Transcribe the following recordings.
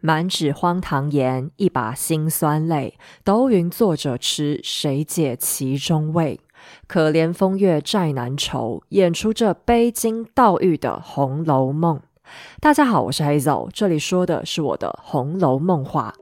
滿紙荒唐言，一把辛酸淚，都云作者癡，誰解其中味？可憐風月債難酬，演出這悲金悼玉的《紅樓夢》。大家好，我是 Hazel，這裡說的是我的《紅樓夢話》。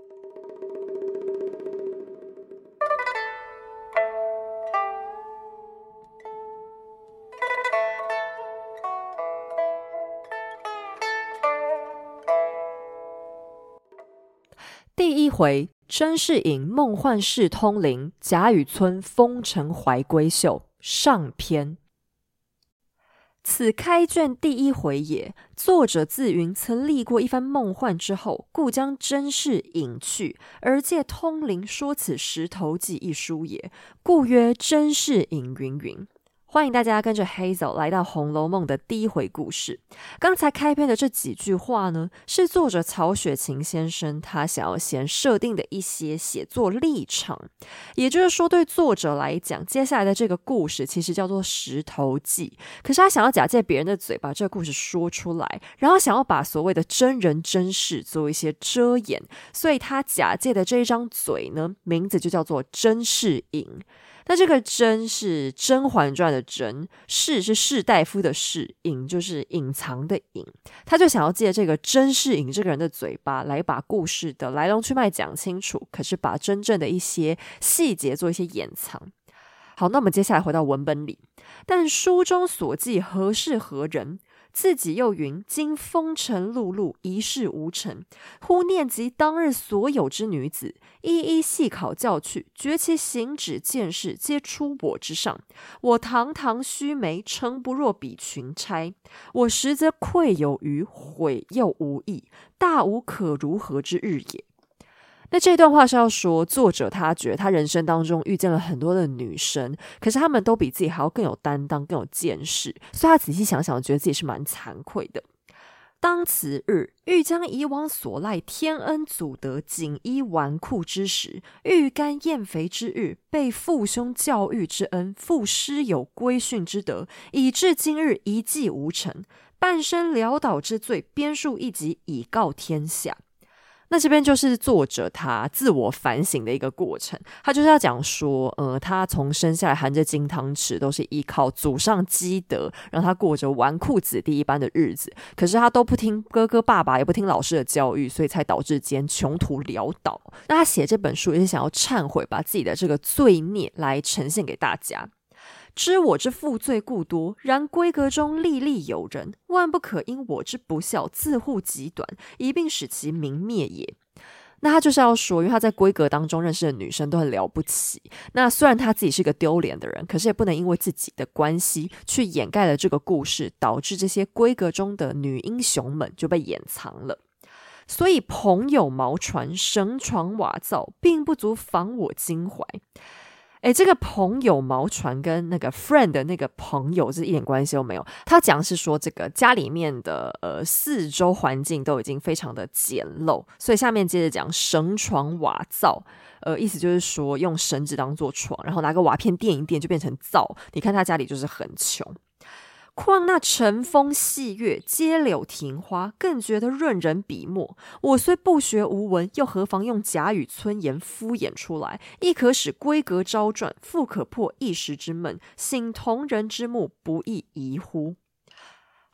回甄士隱夢幻識通靈，賈雨村風塵懷閨秀。上篇，此開卷第一回也。作者自云，曾歷過一番夢幻之後，故將真事隱去，而借通靈說此石頭記一書也。故曰甄士隱云云。歡迎大家跟着 Hazel 來到《紅樓夢》的第一回故事。剛才開篇的這幾句話呢，是作者曹雪芹先生他想要先設定的一些寫作立場。也就是說，對作者來講，接下來的這個故事其實叫做《石頭記》，可是他想要假借別人的嘴把這個故事說出來，然後想要把所謂的真人真事做一些遮掩，所以他假借的這一張嘴呢，名字就叫做甄士隱。那這個甄是《甄嬛傳》的甄，士是士大夫的士，隱就是隱藏的隱。他就想要借這個甄士隱這個人的嘴巴來把故事的來龍去脈講清楚，可是把真正的一些細節做一些掩藏。好，那我們接下來回到文本裡，但書中所記何事何人？自己又雲：今風塵碌碌，一事無成。忽念及當日所有之女子，一一細考較去，覺其行止見識，皆出我之上。我堂堂鬚眉，誠不若彼裙釵。我實則愧有餘，悔又無益，大無可如何之日也。那這段話是要說，作者他覺得他人生當中遇見了很多的女生，可是他們都比自己還要更有擔當、更有見識，所以他仔細想想，覺得自己是蠻慚愧的。當此日，欲將以往所賴天恩祖德、錦衣紈絝之時，欲甘燕肥之日，被父兄教育之恩，父師有規訓之德，以至今日一績無成，半生潦倒之罪，編述一集，以告天下。那這邊就是作者他自我反省的一個過程，他就是要講說，呃，他從生下來含着金湯匙，都是依靠祖上積德，讓他過着紈絝子弟一般的日子。可是他都不聽哥哥、爸爸，也不聽老師的教育，所以才導致今天窮途潦倒。那他寫這本書也是想要懺悔，把自己的這個罪孽來呈現給大家。知我之負罪固多，然閨閣中歷歷有人，萬不可因我之不肖自極端，自護己短，一併使其泯滅也。那他就是要說，因為他在閨閣當中認識的女生都很了不起。那雖然他自己是一個丟臉的人，可是也不能因為自己的關係去掩蓋了這個故事，導致這些閨閣中的女英雄們就被掩藏了。所以，朋友茅椽繩床瓦灶，並不足妨我襟懷。哎，這個蓬牖茅椽跟那個 friend 的那個朋友是一點關係都沒有。他講是說，這個家裡面的呃四周環境都已經非常的簡陋，所以下面接着講繩床瓦灶，呃，意思就是說用繩子當做床，然後拿個瓦片墊一墊就變成灶。你看他家裡就是很窮。況那晨風細月，接柳庭花，更覺得潤人筆墨。我雖不學無文，又何妨用假語村言敷衍出來，亦可使閨閣昭傳，復可破一時之悶，醒同人之目，不亦宜乎？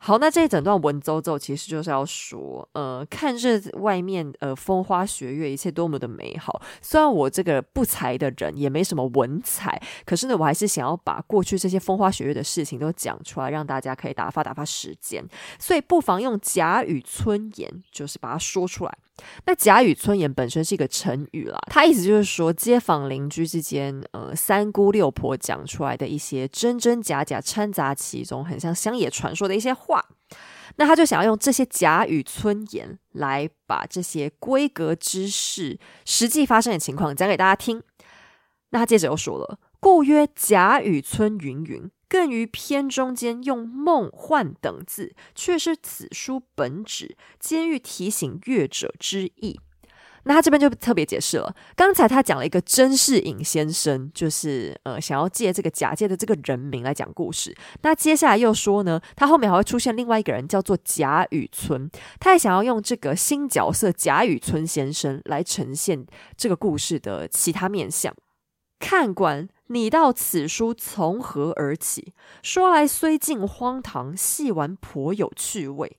好，那這一整段文縐縐其實就是要說，呃，看着外面，呃，風花雪月，一切多麼的美好。雖然我這個不才的人也沒什麼文采，可是呢，我還是想要把過去這些風花雪月的事情都講出來，讓大家可以打發打發時間。所以不妨用“假語村言”就是把它說出來。那“假語村言”本身是一個成語啦，它意思就是說街坊鄰居之間，呃，三姑六婆講出來的一些真真假假，假摻雜其中，很像鄉野傳說的一些話。話，那他就想要用這些假語村言來把這些閨閣之事、實際發生的情況講給大家聽。那他接着又說了：“故曰賈雨村云云，更於篇中間用夢幻等字，卻是此書本旨，兼欲提醒閱者之意。”那他這邊就特別解釋了，剛才他講了一個甄士隱先生，就是呃想要借這個假借的這個人名來講故事。那接下來又說呢，他後面還會出現另外一個人，叫做賈雨村，他也想要用這個新角色賈雨村先生來呈現這個故事的其他面相。看官，你到此書從何而起？說來雖近荒唐，細玩頗有趣味。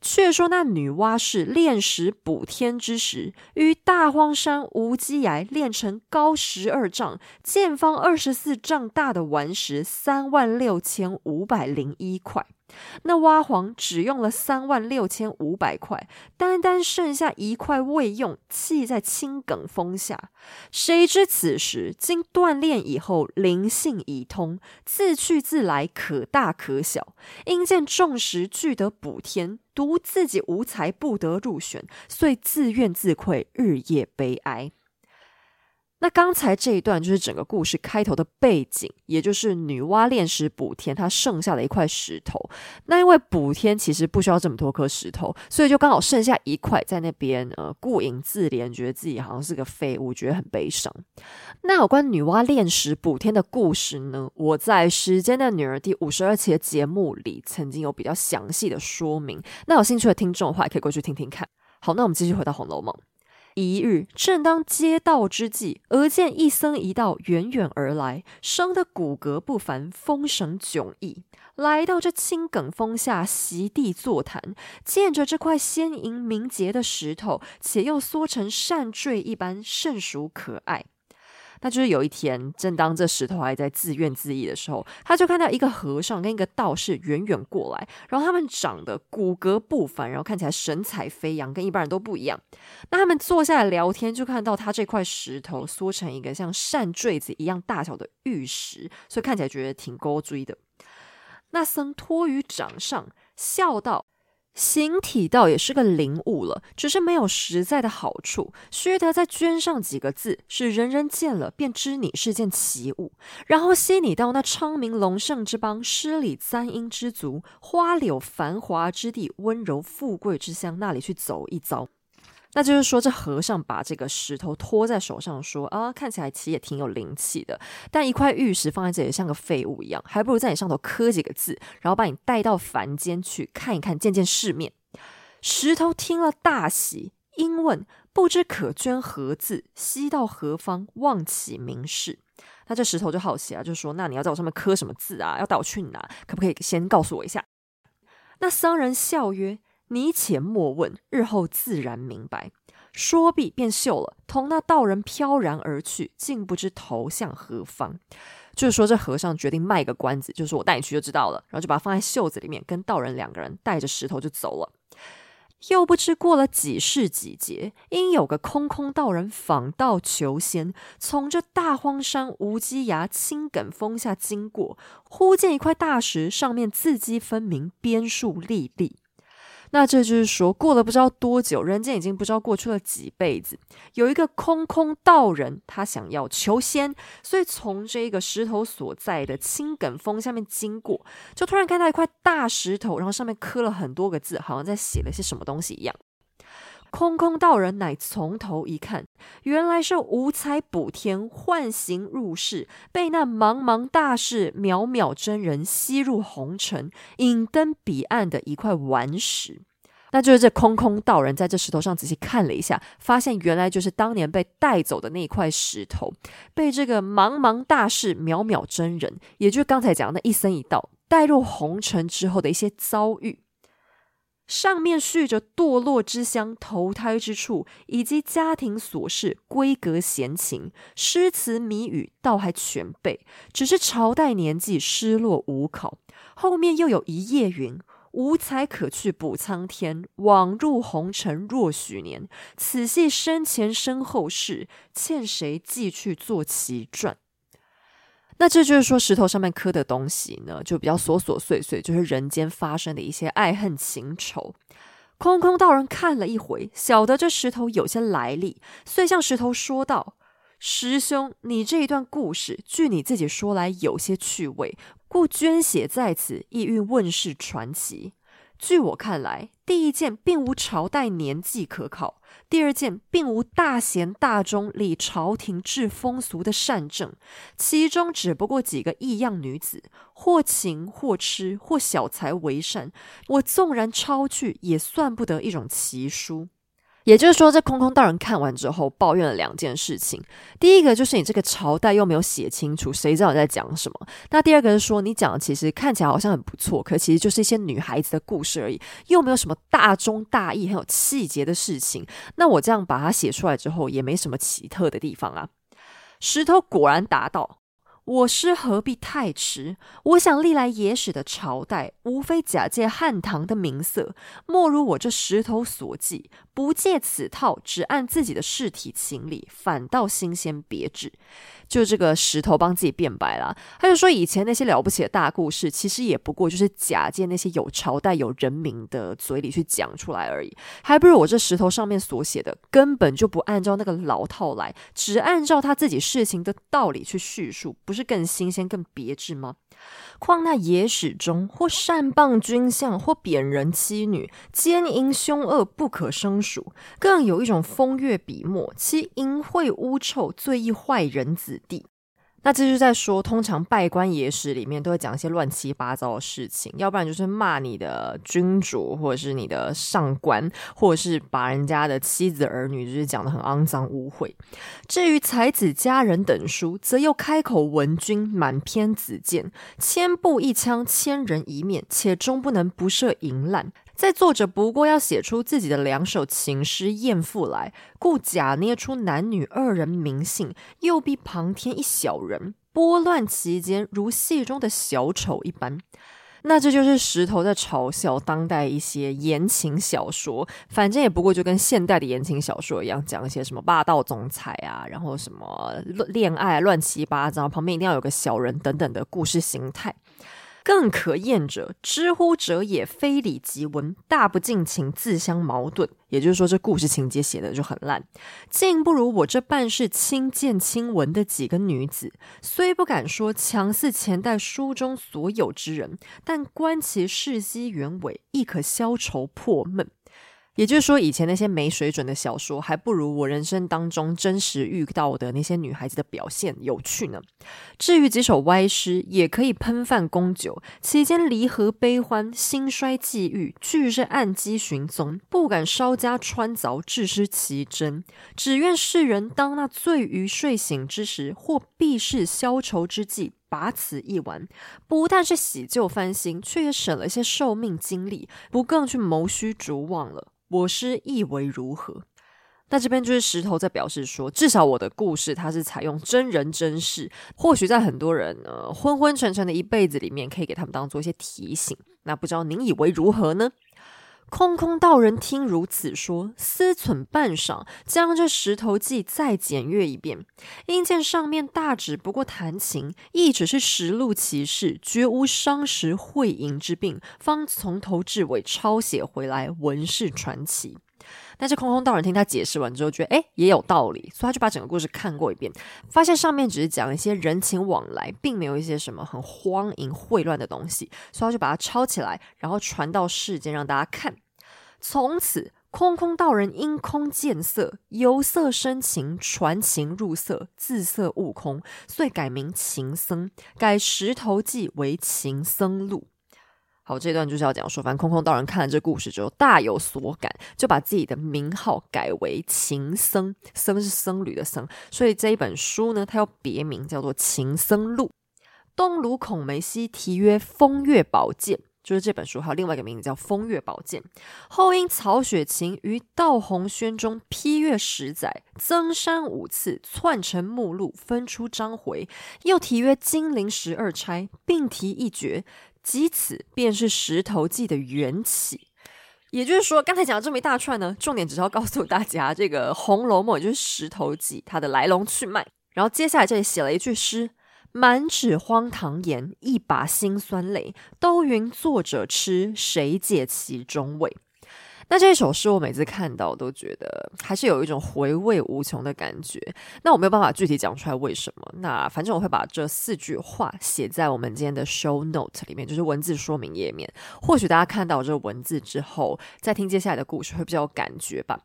卻說那女媧是煉石補天之時，於大荒山無稽崖煉成高十二丈，見方二十四丈大的頑石三萬六千五百零一塊。那媧皇只用了三萬六千五百塊，單單剩下一塊未用，棄在青埂峰下。誰知此時經鍛鍊以後，靈性已通，自去自來，可大可小。因見眾石俱得補天，獨自己無才不得入選，遂自怨自愧，日夜悲哀。那剛才這一段就是整個故事開頭的背景，也就是女媧煉石補天，她剩下了一塊石頭。那因為補天其實不需要這麼多顆石頭，所以就剛好剩下一塊在那邊，呃，顧影自憐，覺得自己好像是個廢物，覺得很悲傷。那有關女媧煉石補天的故事呢，我在《時間的女兒》第五十二期的節目裡曾經有比較詳細的說明。那有興趣的聽眾的話，也可以過去聽聽看。好，那我們繼續回到《紅樓夢》。一日正當嗟悼之際，而見一僧一道遠遠而來，生得骨骼不凡，風神迥異。來到這青埂峰下席地坐談，見着這塊鮮瑩明潔的石頭，且又縮成扇墜一般，甚屬可愛。那就是有一天，正當這石頭還在自怨自艾的時候，他就看到一個和尚跟一個道士遠遠過來，然後他們長得骨骼不凡，然後看起來神采飛揚，跟一般人都不一樣。那他們坐下來聊天，就看到他這塊石頭縮成一個像扇墜子一樣大小的玉石，所以看起來覺得挺勾墜的。那僧托於掌上，笑道。形體倒也是個靈物了，只是沒有實在的好處，須得再鐫上幾個字，使人人見了便知你是件奇物，然後攜你到那昌明隆盛之邦，詩禮簪纓之族，花柳繁華之地，溫柔富貴之鄉，那裡去走一遭。那就是說，這和尚把這個石頭托在手上說，說啊，看起來其實也挺有靈氣的。但一塊玉石放在這裡像個廢物一樣，還不如在你上頭刻幾個字，然後把你帶到凡間去看一看，見見世面。石頭聽了大喜，因問不知可鐫何字，攜到何方，望乞明示。那這石頭就好奇啊，就說：“那你要在我上面刻什麼字啊？要帶我去哪？可不可以先告訴我一下？”那僧人笑曰。你且莫問，日後自然明白。說畢，便袖了，同那道人飄然而去，竟不知投向何方。就是說，這和尚決定賣個關子，就是我帶你去就知道了。然後就把它放在袖子裡面，跟道人兩個人帶着石頭就走了。又不知過了幾世幾劫，因有個空空道人訪道求仙，從這大荒山無稽崖青埂峰下經過，忽見一塊大石，上面字迹分明，編述歷歷。那這就是說，過了不知道多久，人間已經不知道過去了幾輩子。有一個空空道人，他想要求仙，所以從這個石頭所在的青埂峰下面經過，就突然看到一塊大石頭，然後上面刻了很多個字，好像在寫了些什麼東西一樣。空空道人乃從頭一看，原來是無材補天，幻形入世，被那茫茫大士、渺渺真人吸入紅塵，引登彼岸的一塊頑石。那就是這空空道人在這石頭上仔細看了一下，發現原來就是當年被帶走的那塊石頭，被這個茫茫大士、渺渺真人，也就是剛才講的一僧一道帶入紅塵之後的一些遭遇。上面敘着墮落之鄉、投胎之處，以及家庭瑣事、閨閣閒情、詩詞謎語，倒還全備。只是朝代年紀失落無考。後面又有一葉云：無材可去補蒼天，枉入紅塵若許年。此係身前身後事，倩誰記去作奇傳？那這就是說，石頭上面刻的東西呢，就比較瑣瑣碎碎，就是人間發生的一些愛恨情仇。空空道人看了一回，曉得這石頭有些來歷，遂向石頭說道：“石兄，你這一段故事，據你自己說來，有些趣味，故鐫寫在此，意欲問世傳奇。據我看來。”第一件並無朝代年紀可考，第二件並無大賢大忠理朝廷治風俗的善政，其中只不過幾個異樣女子，或情或痴或小才為善，我縱然抄去，也算不得一種奇書。也就是說，這空空道人看完之後抱怨了兩件事情。第一個就是你這個朝代又沒有寫清楚，誰知道你在講什麼？那第二個是說你講的其實看起來好像很不錯，可其實就是一些女孩子的故事而已，又沒有什麼大忠大義、很有氣節的事情。那我這樣把它寫出來之後，也沒什麼奇特的地方啊。石頭果然答道。我師何必太癡？我想歷來野史的朝代，無非假借漢唐的名色，莫如我這石頭所記，不借此套，只按自己的事體情理，反倒新鮮別致。就這個石頭幫自己變白了，他就說：以前那些了不起的大故事，其實也不過就是假借那些有朝代、有人名的嘴裡去講出來而已，還不如我這石頭上面所寫的，根本就不按照那個老套來，只按照他自己事情的道理去敘述，不是？是更新鮮、更別致嗎？況那野史中，或訕謗君相，或貶人妻女，奸淫兇惡，不可勝數。更有一種風月筆墨，其淫穢污臭，最易壞人子弟。那這就是在說，通常稗官野史裡面都會講一些亂七八糟的事情，要不然就是罵你的君主，或者是你的上官，或者是把人家的妻子兒女就是講的很骯髒污穢。至於才子佳人等書，則又開口文君，滿篇子建，千部一腔，千人一面，且終不能不涉淫濫。在作者不過要寫出自己的兩首情詩艷賦來，故假捏出男女二人名姓，又必旁添一小人，撥亂其間，如戲中的小丑一般。那這就是石頭在嘲笑當代一些言情小說，反正也不過就跟現代的言情小說一樣，講一些什麼霸道總裁啊，然後什麼戀愛亂七八糟，旁邊一定要有個小人等等的故事形態。更可厭者，之乎者也，非理即文，大不盡情，自相矛盾。也就是說，這故事情節寫的就很爛，竟不如我這半世親見親聞的幾個女子。雖不敢說強似前代書中所有之人，但觀其事跡原委，亦可消愁破悶。也就是說，以前那些沒水準的小說，還不如我人生當中真實遇到的那些女孩子的表現有趣呢。至於幾首歪詩，也可以噴飯供酒，其間離合悲歡、興衰際遇，俱是按跡循蹤，不敢稍加穿鑿，致失其真。只願世人當那醉餘睡醒之時，或避世消愁之際。把此一玩，不但是洗舊翻新，卻也省了一些壽命精力，不更去謀虛逐妄了。我師意為如何？那這邊就是石頭在表示說，至少我的故事它是採用真人真事，或許在很多人呢、呃、昏昏沉沉的一輩子裡面，可以給他們當做一些提醒。那不知道您以為如何呢？空空道人聽如此說，思忖半晌，將這石頭記再檢閱一遍，因見上面大旨不過談情，亦只是實錄其事，絕無傷時誨淫之病，方從頭至尾抄寫回來，問世傳奇。但是空空道人聽他解釋完之後，覺得誒、欸、也有道理，所以他就把整個故事看過一遍，發現上面只是講一些人情往來，並沒有一些什麼很荒淫穢亂的東西，所以他就把它抄起來，然後傳到世間讓大家看。從此空空道人因空見色，由色生情，傳情入色，自色悟空，遂改名情僧，改《石頭記》為《情僧錄》。好，這段就是要講說，反正空空道人看了這故事之後大有所感，就把自己的名號改為情僧，僧是僧侶的僧，所以這一本書呢，它有別名叫做《情僧錄》。東魯孔梅溪題曰《風月寶鑑》，就是這本書還有另外一個名字叫《風月寶鑑》。後因曹雪芹於悼紅軒中披閱十載，增刪五次，纂成目錄，分出章回，又題曰《金陵十二釵》，並題一絕。即此便是《石頭記》的緣起，也就是說，剛才講的這麼一大串呢，重點只是要告訴大家，這個《紅樓夢》就是《石頭記》它的來龍去脈。然後接下來這裡寫了一句詩：“滿紙荒唐言，一把辛酸淚，都云作者痴，誰解其中味？”那這一首詩我每次看到都覺得還是有一種回味無窮的感覺。那我沒有辦法具體講出來為什麼。那反正我會把這四句話寫在我們今天的 show note 裡面，就是文字說明頁面。或許大家看到這文字之後，再聽接下來的故事會比較有感覺吧。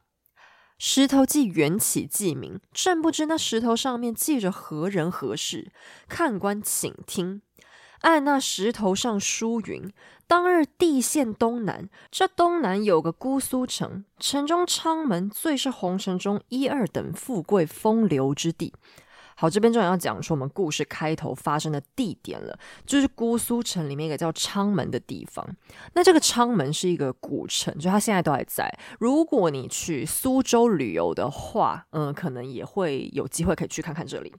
石頭記緣起既明，正不知那石頭上面記着何人何事。看官請聽，按那石頭上書云。當日，地陷東南，這東南有個姑蘇城，城中閶門最是紅塵中一二等富貴風流之地。好，這邊就要要講出我們故事開頭發生的地點了，就是姑蘇城裡面一個叫閶門的地方。那這個閶門是一個古城，就它現在都還在。如果你去蘇州旅遊的話，嗯、呃，可能也會有機會可以去看看這裡。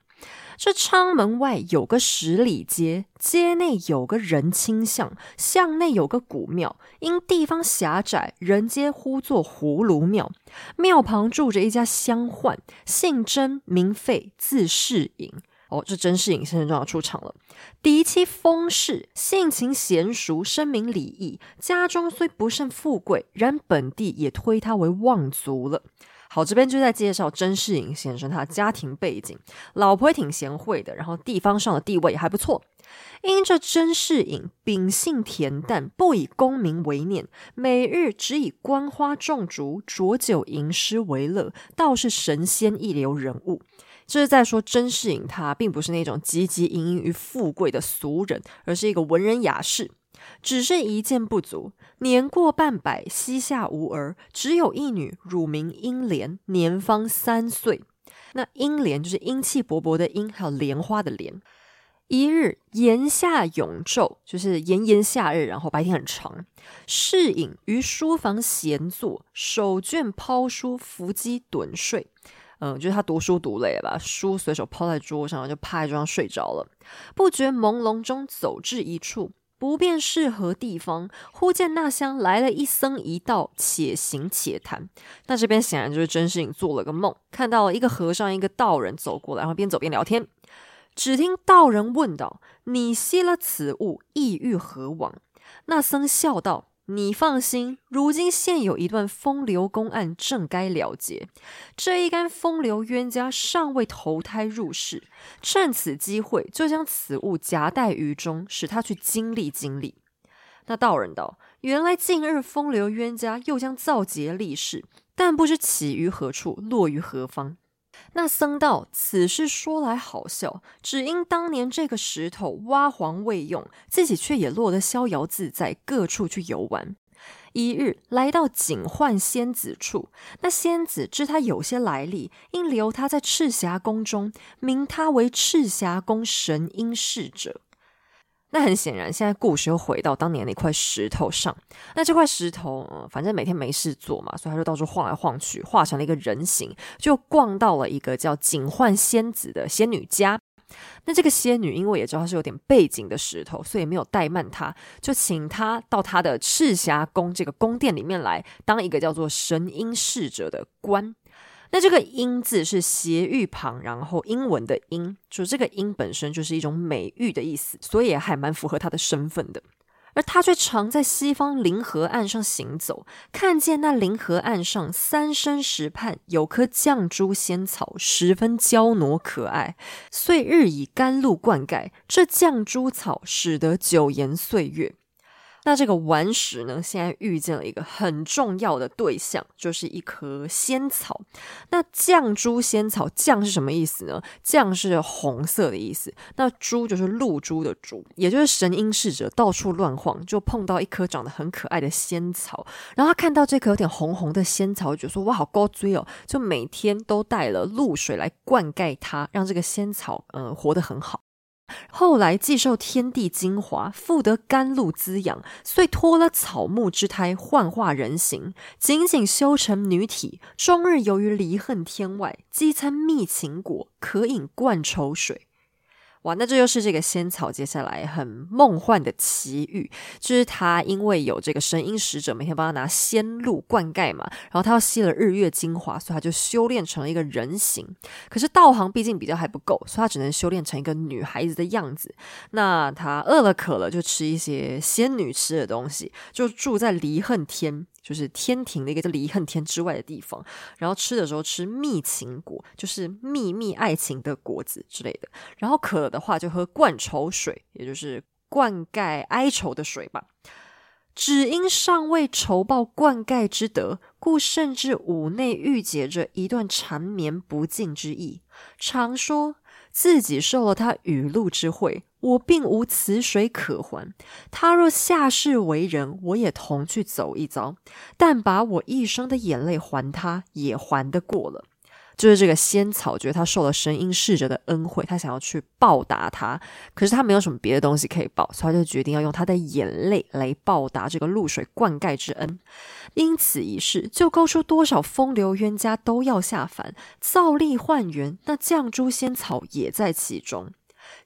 這閶門外有個十里街，街內有個仁清巷，巷內有個古廟，因地方狹窄，人皆呼作葫蘆廟。廟旁住着一家鄉宦，姓甄，名費，字士。士隱哦，這甄士隱先生就要出場了。嫡妻封氏，性情賢淑，深明禮義。家中雖不甚富貴，然本地也推他為望族了。好，這邊就在介紹甄士隱先生他的家庭背景，老婆也挺賢惠的。然後地方上的地位也還不錯。因這甄士隱秉性恬淡，不以功名為念，每日只以觀花種竹、濁酒吟詩為樂，倒是神仙一流人物。這是在說甄士隱，他並不是那種汲汲營營於富貴的俗人，而是一個文人雅士。只是一件不足，年過半百，膝下無兒，只有一女，乳名英蓮，年方三歲。那英蓮就是英氣勃勃的英，還有蓮花的蓮。一日炎夏永晝，就是炎炎夏日，然後白天很長。士隱於書房閒坐，手倦拋書，伏幾盹睡。嗯，就是他讀書讀累了，書隨手拋在桌上，就趴在桌上睡着了。不覺朦朧中走至一處，不辨是何地方，忽見那廂來了一僧一道，且行且談。那這邊顯然就是甄士隱做了個夢，看到一個和尚一個道人走過來，然後邊走邊聊天。只聽道人問道：“你攜了此物，意欲何往？”那僧笑道。你放心，如今現有一段風流公案，正該了結。這一干風流冤家尚未投胎入世，趁此機會就將此物夾帶於中，使他去經歷經歷。那道人道：原來近日風流冤家又將造劫立世，但不知起於何處，落於何方。那僧道此事說來好笑，只因當年這個石頭媧皇未用，自己卻也落得逍遙自在，各處去遊玩。一日來到警幻仙子處，那仙子知他有些來歷，應留他在赤霞宮中，名他為赤霞宮神瑛侍者。那很顯然，現在故事又回到當年那塊石頭上。那這塊石頭，呃，反正每天沒事做嘛，所以他就到處晃來晃去，化成了一個人形，就逛到了一個叫警幻仙子的仙女家。那這個仙女因為也知道他是有點背景的石頭，所以沒有怠慢他，就請他到他的赤霞宮這個宮殿裡面來，當一個叫做神瑛侍者的官。那這個“瑛字，是斜玉旁，然後英文的“英”，就這個“瑛本身就是一種美玉的意思，所以也還蠻符合他的身份的。而他卻常在西方靈河岸上行走，看見那靈河岸上三生石畔有棵絳珠仙草，十分嬌娜可愛，遂日以甘露灌溉這絳珠草，使得久延歲月。那這個頑石呢，現在遇見了一個很重要的對象，就是一顆仙草。那絳珠仙草，絳是什麼意思呢？絳是紅色的意思。那珠就是露珠的珠，也就是神瑛侍者到處亂晃，就碰到一顆長得很可愛的仙草。然後他看到這顆有點紅紅的仙草，就覺得說哇好古錐哦，就每天都帶了露水來灌溉它，讓這個仙草嗯活得很好。後來既受天地精華，復得甘露滋養，遂脫了草木之胎，幻化人形，僅僅修成女體，終日遊於離恨天外，飢餐蜜情果，渴飲灌愁水。哇，那這就是這個仙草接下來很夢幻的奇遇，就是他因為有這個神瑛侍者每天幫他拿仙露灌溉嘛，然後他又吸了日月精華，所以他就修煉成了一個人形。可是道行畢竟比較還不夠，所以他只能修煉成一個女孩子的樣子。那他餓了渴了就吃一些仙女吃的東西，就住在離恨天。就是天庭的一個叫離恨天之外的地方，然後吃的時候吃蜜情果，就是秘密愛情的果子之類的。然後渴的話就喝灌愁水，也就是灌溉哀愁的水吧。只因尚未酬報灌溉之德，故甚至五內鬱結着一段纏綿不盡之意，常說自己受了他雨露之惠。我並無此水可還，他若下世為人，我也同去走一遭。但把我一生的眼淚還他，也還得過了。就是這個仙草，覺得他受了神瑛侍者的恩惠，他想要去報答他。可是他沒有什麼別的東西可以報，所以他就決定要用他的眼淚來報答這個露水灌溉之恩。因此一事，就勾出多少風流冤家都要下凡造歷幻緣，那絳珠仙草也在其中。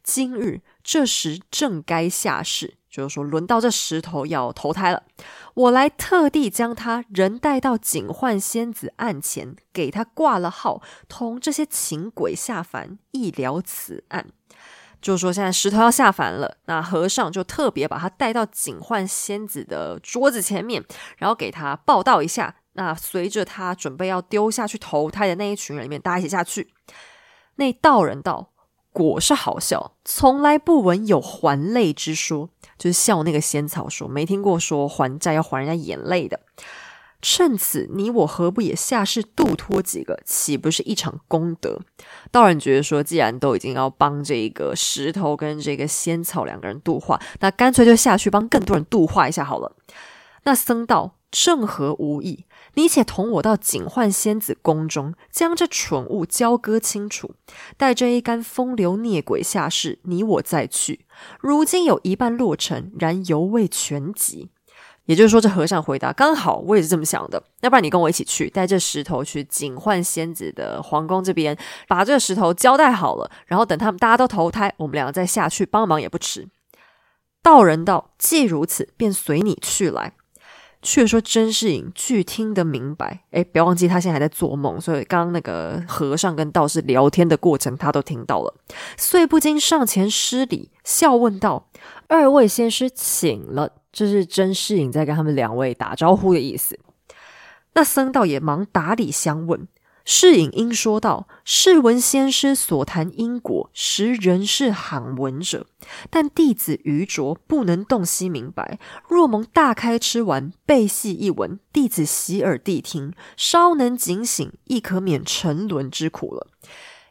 今日。這時正該下世，就是說輪到這石頭要投胎了。我來特地將他人帶到警幻仙子案前，給他掛了號，同這些情鬼下凡，一聊此案。就是說現在石頭要下凡了，那和尚就特別把他帶到警幻仙子的桌子前面，然後給他報道一下。那隨着他準備要丟下去投胎的那一群人裡面，大家一起下去。那道人道，果是好笑，從來不聞有還淚之說，就是笑那個仙草說沒聽過說還債要還人家眼淚的。趁此，你我何不也下世度脫幾個，豈不是一場功德？道人覺得說，既然都已經要幫這個石頭跟這個仙草兩個人度化，那乾脆就下去幫更多人度化一下好了。那僧道。正合吾意，你且同我到警幻仙子宮中，將這蠢物交割清楚。待這一干風流孽鬼下世，你我再去。如今有一半落成，然猶未全集。也就是說，這和尚回答：“剛好，我也是這麼想的。要不然你跟我一起去，帶這石頭去警幻仙子的皇宮這邊，把這個石頭交代好了。然後等他們大家都投胎，我們兩個再下去幫忙也不遲。”道人道：“既如此，便隨你去來。”卻說甄士隱，俱聽得明白。哎，不要忘記他現在還在做夢，所以剛剛那個和尚跟道士聊天的過程，他都聽到了。遂不禁上前施禮，笑問道：“二位仙師請了。”這是甄士隱在跟他們兩位打招呼的意思。那僧道也忙打理相問。士隱因說道：“適聞仙師所談因果，實人世罕聞者。但弟子愚拙，不能洞悉明白。若蒙大開癡頑，備細一聞，弟子洗耳諦聽，稍能警醒，亦可免沉淪之苦了。”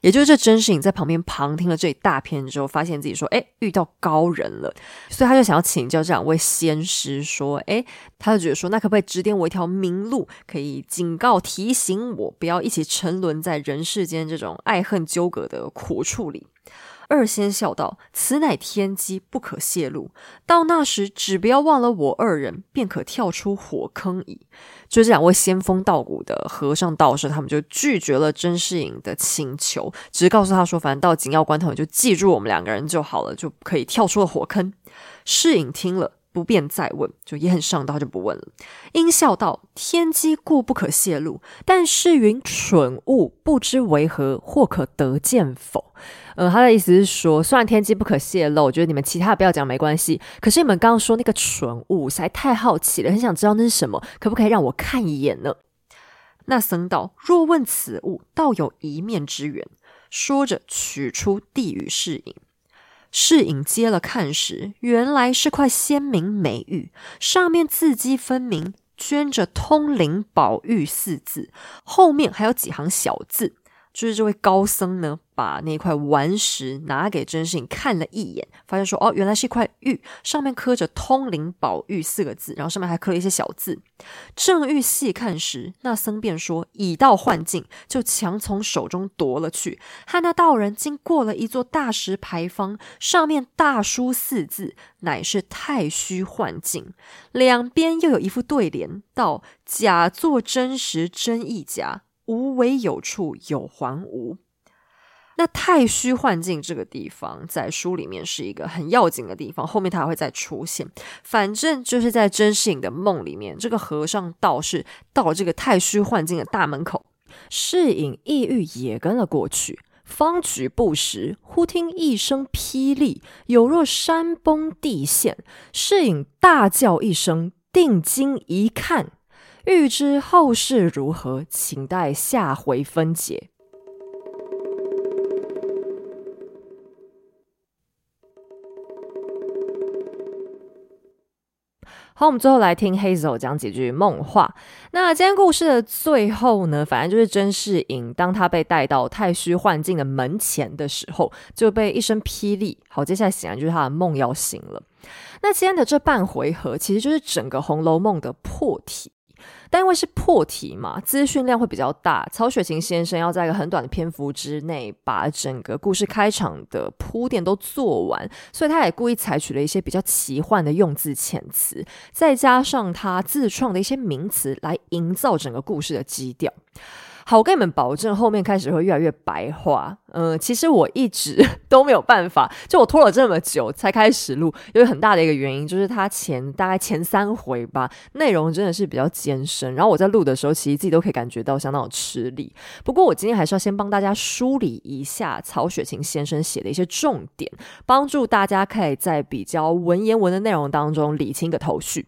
也就是這甄士隱在旁邊旁聽了這一大片之後，發現自己說：“哎、欸，遇到高人了。”所以他就想要請教這兩位仙師說：“哎、欸，他就覺得說，那可不可以指點我一條明路？可以警告提醒我，不要一起沉淪在人世間這種愛恨糾葛的苦處裡。”二仙笑道：“此乃天機，不可泄露。到那時，只不要忘了我二人，便可跳出火坑矣。”就這兩位仙風道骨的和尚道士，他們就拒絕了甄士隱的請求，只是告訴他說：“反正到緊要關頭，就記住我們兩個人就好了，就可以跳出了火坑。”士隱聽了。不便再問，就也很上道，就不問了。因笑道：“天機故不可洩露，但是云蠢物不知為何，或可得見否？”呃，他的意思是說，雖然天機不可洩露，我覺得你們其他的不要講沒關係。可是你們剛剛說那個蠢物，實在太好奇了，很想知道那是什麼，可不可以讓我看一眼呢？那僧道：“若問此物，倒有一面之緣。”說着，取出遞與士隱。士隱接了看時，原來是塊鮮明美玉，上面字跡分明，鐫着“通靈寶玉”四字，後面還有幾行小字。就是這位高僧呢，把那塊頑石拿給甄士隱看了一眼，發現說：“哦，原來是一塊玉，上面刻着‘通靈寶玉’四個字，然後上面還刻了一些小字。”正欲細看時，那僧便說：“已到幻境。”就強從手中奪了去。和那道人經過了一座大石牌坊，上面大書四字，乃是“太虛幻境”。兩邊又有一副對聯，道：“假作真時真亦假。”無為有處有還無。那太虛幻境這個地方，在書裡面是一個很要緊的地方，後面它還會再出現。反正就是在甄士隱的夢裡面，這個和尚道士到這個太虛幻境的大門口，士隱意欲也跟了過去，方舉步時，忽聽一聲霹靂，有若山崩地陷，士隱大叫一聲，定睛一看。欲知後事如何，請待下回分解。好，我們最後來聽 Hazel 講幾句夢話。那今天故事的最後呢，反正就是甄士隱，當他被帶到太虛幻境的門前的時候，就被一聲霹靂。好，接下來顯然就是他的夢要醒了。那今天的這半回合，其實就是整個《紅樓夢》的破題。但因為是破題嘛，資訊量會比較大。曹雪芹先生要在一個很短的篇幅之內把整個故事開場的鋪墊都做完，所以他也故意採取了一些比較奇幻的用字遣詞，再加上他自創的一些名詞來營造整個故事的基調。好，我跟你們保證，後面開始會越來越白話。嗯，其實我一直都沒有辦法，就我拖了這麼久才開始錄，因為很大的一個原因就是它前大概前三回吧，內容真的是比較艱深。然後我在錄的時候，其實自己都可以感覺到相當有吃力。不過我今天還是要先幫大家梳理一下曹雪芹先生寫的一些重點，幫助大家可以在比較文言文的內容當中理清一個頭緒。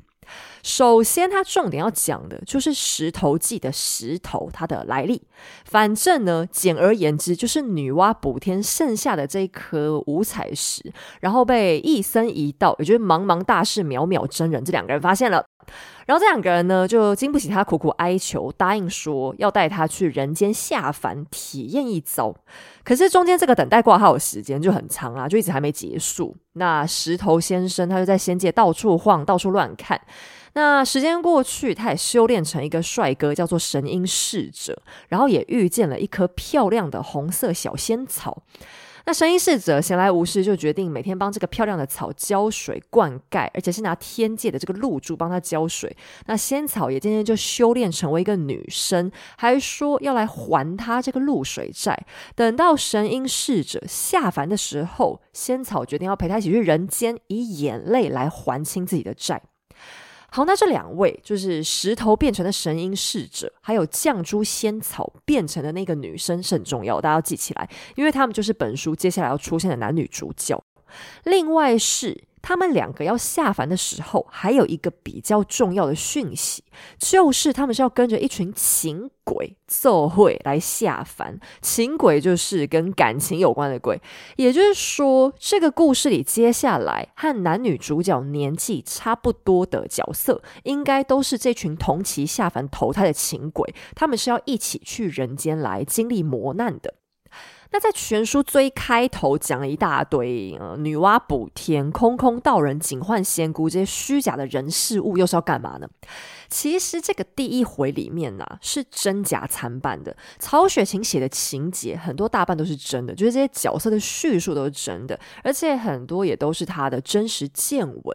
首先，他重點要講的就是《石頭記》的石頭它的來歷。反正呢，簡而言之，就是女媧補天剩下的這一顆五彩石，然後被一僧一道，也就是茫茫大士、渺渺真人這兩個人發現了。然後這兩個人呢，就經不起他苦苦哀求，答應說要帶他去人間下凡體驗一遭。可是中間這個等待掛號的時間就很長啊，就一直還沒結束。那石頭先生，他就在仙界到處晃，到處亂看。那時間過去，他也修煉成一個帥哥，叫做神瑛侍者，然後也遇見了一顆漂亮的紅色小仙草。那神瑛侍者閒來無事，就決定每天幫這個漂亮的草澆水灌溉，而且是拿天界的這個露珠幫它澆水。那仙草也漸漸就修煉成為一個女生，還說要來還他這個露水債。等到神瑛侍者下凡的時候，仙草決定要陪他一起去人間，以眼淚來還清自己的債。好，那這兩位就是石頭變成的神瑛侍者，還有絳珠仙草變成的那個女生，是很重要，大家要記起來，因為他們就是本書接下來要出現的男女主角。另外是。他們兩個要下凡的時候，還有一個比較重要的訊息，就是他們是要跟着一群情鬼作會來下凡。情鬼就是跟感情有關的鬼，也就是說，這個故事裡接下來和男女主角年紀差不多的角色，應該都是這群同期下凡投胎的情鬼，他們是要一起去人間來經歷磨難的。那在全書最開頭講了一大堆，呃，女媧補天、空空道人、警幻仙姑這些虛假的人事物，又是要幹嘛呢？其實這個第一回裡面呢、啊，是真假參半的。曹雪芹寫的情節很多大半，都是真的，就是這些角色的敘述都是真的，而且很多也都是他的真實見聞。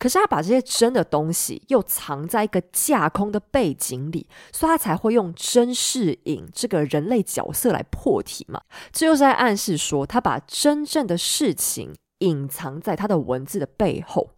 可是他把這些真的東西又藏在一個架空的背景裡，所以他才會用甄士隱這個人類角色來破題嘛。這又是在暗示說，他把真正的事情隱藏在他的文字的背後。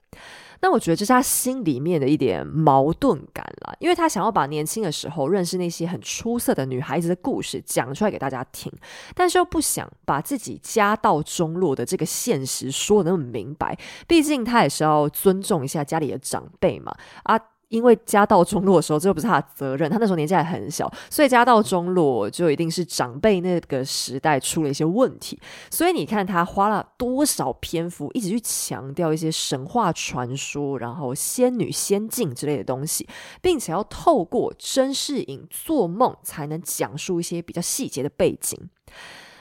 那我覺得這是他心裡面的一點矛盾感啦，因為他想要把年輕的時候認識那些很出色的女孩子的故事講出來給大家聽，但是又不想把自己家道中落的這個現實說得那麼明白，畢竟他也是要尊重一下家裡的長輩嘛啊。因為家道中落的時候，這又不是他的責任，他那時候年紀還很小，所以家道中落就一定是長輩那個時代出了一些問題。所以你看他花了多少篇幅，一直去強調一些神話傳說，然後仙女仙境之類的東西，並且要透過甄士隱做夢才能講述一些比較細節的背景。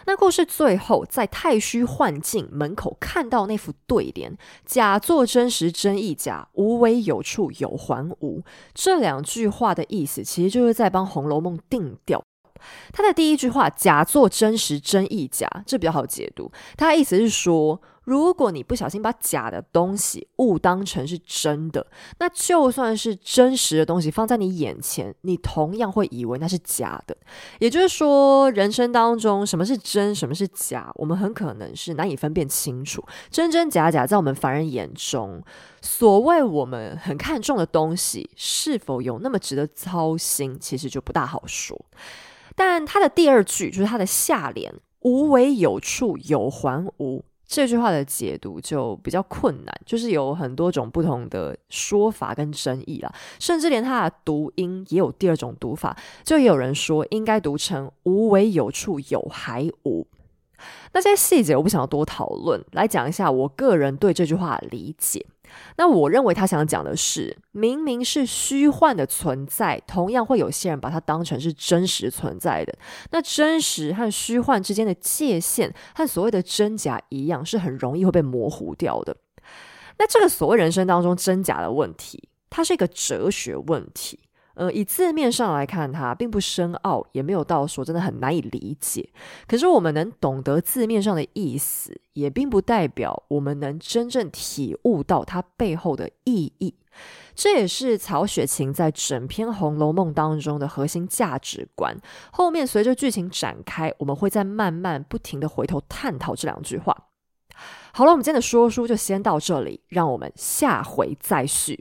那故事最後在太虛幻境門口看到那副對聯：“假作真時真亦假，無為有處有還無。”這兩句話的意思，其實就是在幫《紅樓夢》定調。他的第一句話“假作真時，真亦假”，這比較好解讀。他的意思是說，如果你不小心把假的東西誤當成是真的，那就算是真實的東西放在你眼前，你同樣會以為那是假的。也就是說，人生當中什麼是真，什麼是假，我們很可能是難以分辨清楚。真真假假，在我們凡人眼中，所謂我們很看重的東西，是否有那麼值得操心，其實就不大好說。但它的第二句就是它的下聯“無為有處有還無”，這句話的解讀就比較困難，就是有很多種不同的說法跟爭議啦，甚至連它的讀音也有第二種讀法，就也有人說應該讀成“無為有處有還無”。那些細節我不想要多討論，來講一下我個人對這句話的理解。那我認為他想講的是，明明是虛幻的存在，同樣會有些人把它當成是真實存在的。那真實和虛幻之間的界限，和所謂的真假一樣，是很容易會被模糊掉的。那這個所謂人生當中真假的問題，它是一個哲學問題。呃，以字面上來看它，它並不深奧，也沒有到說真的很難以理解。可是我們能懂得字面上的意思，也並不代表我們能真正體悟到它背後的意義。這也是曹雪芹在整篇《紅樓夢》當中的核心價值觀。後面隨着劇情展開，我們會再慢慢不停地回頭探討這兩句話。好了，我們今天的說書就先到這裡，讓我們下回再續。